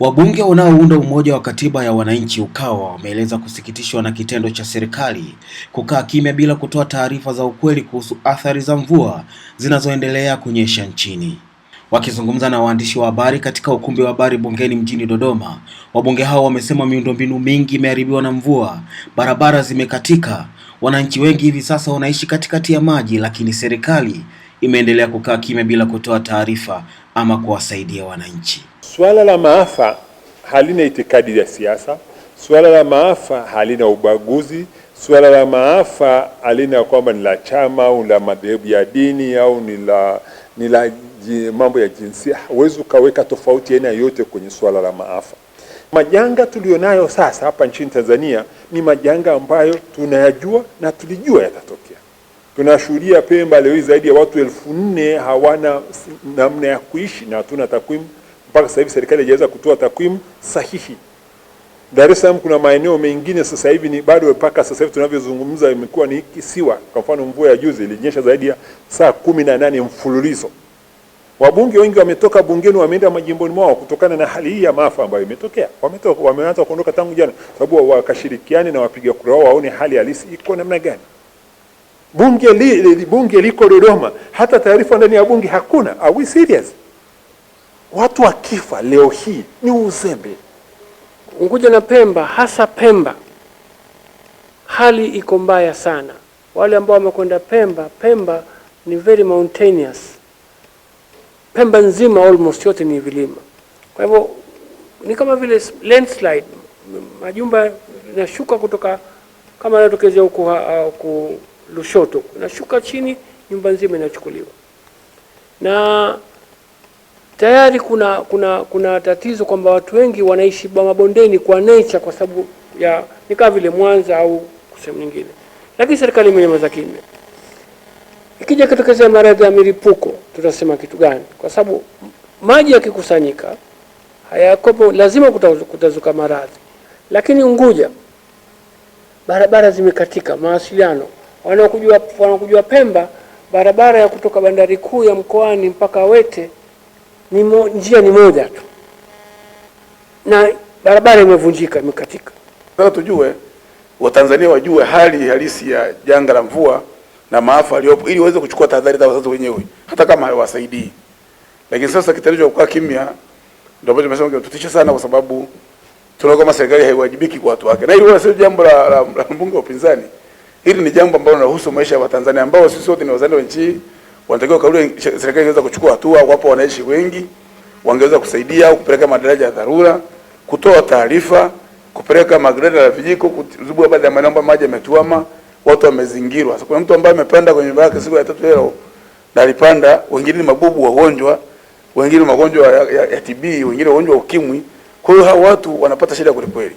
Wabunge wanaounda Umoja wa Katiba ya Wananchi Ukawa wameeleza kusikitishwa na kitendo cha serikali kukaa kimya bila kutoa taarifa za ukweli kuhusu athari za mvua zinazoendelea kunyesha nchini. Wakizungumza na waandishi wa habari katika ukumbi wa habari bungeni mjini Dodoma, wabunge hao wamesema miundombinu mingi imeharibiwa na mvua, barabara zimekatika, wananchi wengi hivi sasa wanaishi katikati ya maji, lakini serikali imeendelea kukaa kimya bila kutoa taarifa ama kuwasaidia wananchi. Swala la maafa halina itikadi ya siasa, swala la maafa halina ubaguzi, swala la maafa halina kwamba ni la chama au la madhehebu ya dini au ni la ni la mambo ya jinsia. Huwezi ukaweka tofauti aina yoyote kwenye swala la maafa. Majanga tulionayo sasa hapa nchini Tanzania ni majanga ambayo tunayajua na tulijua yatatokea. Tunashuhudia Pemba leo zaidi ya watu elfu nne hawana namna ya kuishi na hatuna takwimu mpaka sasa hivi serikali haijaweza kutoa takwimu sahihi. Dar es Salaam kuna maeneo mengine sasa hivi ni bado mpaka sasa hivi tunavyozungumza imekuwa ni kisiwa. Kwa mfano, mvua ya juzi ilinyesha zaidi ya saa kumi na nane mfululizo. Wabunge wengi wametoka bungeni wameenda majimboni mwao kutokana na hali hii ya maafa ambayo imetokea. Wametoka wameanza kuondoka tangu jana, sababu wakashirikiane na wapiga kura wao waone hali halisi iko namna gani. Bunge li, li, bunge liko Dodoma, hata taarifa ndani ya bunge hakuna. Are we serious? Watu wakifa leo hii ni uzembe. Unguja na Pemba, hasa Pemba, hali iko mbaya sana. Wale ambao wamekwenda Pemba, Pemba ni very mountainous. Pemba nzima almost yote ni vilima, kwa hivyo ni kama vile landslide, majumba inashuka kutoka kama anatokezea huku uh, Lushoto inashuka chini, nyumba nzima inachukuliwa na Tayari kuna kuna kuna tatizo kwamba watu wengi wanaishi mabondeni kwa nature, kwa sababu ya ni kama vile Mwanza au sehemu nyingine, lakini serikali imenyamaza kimya. Ikija kutokeza maradhi ya milipuko, tutasema kitu gani? Kwa sababu maji yakikusanyika hayakopo, lazima kutazuka maradhi. Lakini Unguja barabara zimekatika, mawasiliano, wanaokujua wanaokujua Pemba, barabara ya kutoka bandari kuu ya Mkoani mpaka Wete ni mo, njia ni moja tu na barabara imevunjika imekatika. Sasa tujue Watanzania wajue hali halisi ya janga la mvua na maafa aliyopo, ili waweze kuchukua tahadhari zao sasa wenyewe, hata kama hawasaidii. Lakini sasa kitendo cha kukaa kimya ndio ambacho tumesema kinatutisha sana, kwa sababu tunaona kama serikali haiwajibiki kwa watu wake, na hilo sio jambo la, la, la mbunge wa upinzani. Hili ni jambo ambalo linahusu maisha ya Watanzania ambao sisi wote ni wazalendo wa nchi wanatakiwa kauli, serikali ingeweza kuchukua hatua. Wapo wananchi wengi wangeweza kusaidia au kupeleka madaraja ya dharura, kutoa taarifa, kupeleka magreda ya vijiko kuzibua baadhi ya maeneo ambayo maji yametuama, watu wamezingirwa. Sasa kuna mtu ambaye amepanda kwenye nyumba yake siku ya tatu leo na alipanda, wengine ni mabubu wagonjwa, wengine magonjwa ya, ya, ya TB, wengine wagonjwa ukimwi. Kwa hiyo hao watu wanapata shida kweli